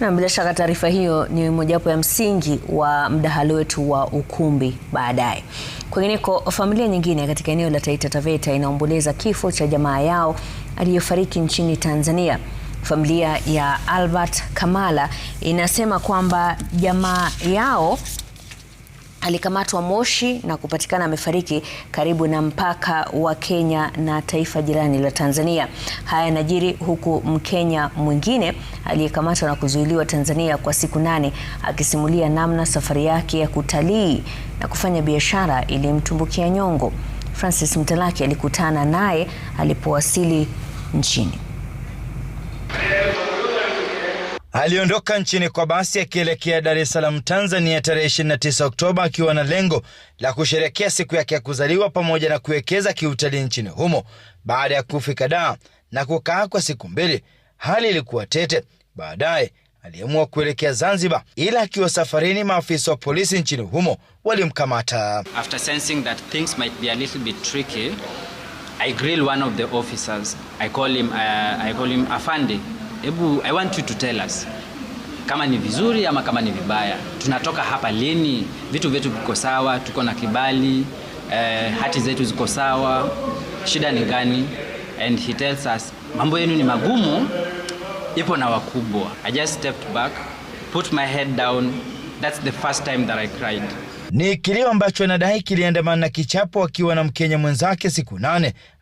Na bila shaka taarifa hiyo ni mojawapo ya msingi wa mdahalo wetu wa ukumbi baadaye. Kwingineko, familia nyingine katika eneo la Taita Taveta inaomboleza kifo cha jamaa yao aliyefariki nchini Tanzania. Familia ya Albert Kamala inasema kwamba jamaa yao alikamatwa Moshi na kupatikana amefariki karibu na mpaka wa Kenya na taifa jirani la Tanzania. Haya yanajiri huku Mkenya mwingine aliyekamatwa na kuzuiliwa Tanzania kwa siku nane akisimulia namna safari yake ya kutalii na kufanya biashara ilimtumbukia nyongo. Francis Mtalaki alikutana naye alipowasili nchini. Aliondoka nchini kwa basi akielekea Dar es Salaam, Tanzania tarehe 29 Oktoba akiwa na lengo la kusherekea siku yake ya kuzaliwa pamoja na kuwekeza kiutalii nchini humo. Baada ya kufika Dar na kukaa kwa siku mbili, hali ilikuwa tete. Baadaye aliamua kuelekea Zanzibar, ila akiwa safarini, maafisa wa polisi nchini humo walimkamata. After sensing that things might be a little bit tricky, I grill one of the officers. I call him, uh, I call him Afandi. Hebu I want you to tell us kama ni vizuri ama kama ni vibaya, tunatoka hapa lini? Vitu vyetu viko sawa? Tuko na kibali eh, hati zetu ziko sawa? Shida ni gani? And he tells us mambo yenu ni magumu, ipo na wakubwa. I just stepped back, put my head down. That's the first time that I cried. Ni kilio ambacho anadai kiliandamana na kichapo akiwa na Mkenya mwenzake siku nane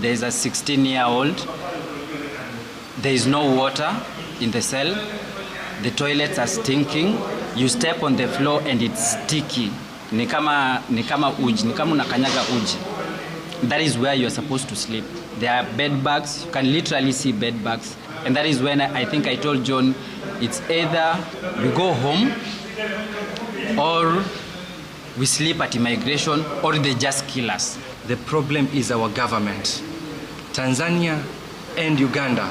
There is a 16 year old. There is no water in the cell. The toilets are stinking. You step on the floor and it's sticky. Ni kama ni kama uji, ni kama unakanyaga uji. That is where you are supposed to sleep. There are bed bugs. You can literally see bed bugs. And that is when I think I told John it's either we go home or we sleep at immigration or they just kill us. The problem is our government. Tanzania and Uganda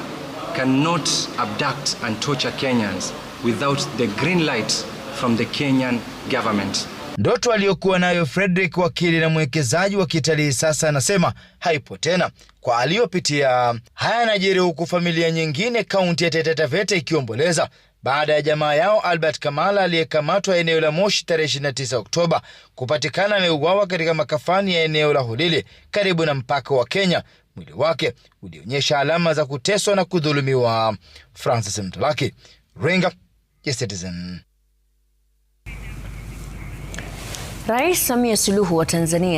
cannot abduct and torture Kenyans without the green light from the Kenyan government. Ndoto aliyokuwa nayo Frederick, wakili na mwekezaji wa kitalii, sasa anasema haipo tena kwa aliyopitia. Haya yanajiri huku familia nyingine kaunti ya Taita Taveta ikiomboleza baada ya jamaa yao Albert Kamala aliyekamatwa eneo la Moshi tarehe 29 Oktoba kupatikana ameuawa katika makafani ya eneo la hulili karibu na mpaka wa Kenya. Mwili wake ulionyesha alama za kuteswa na kudhulumiwa. Francis Mtalaki, Ringa ya Citizen. Rais Samia Suluhu wa Tanzania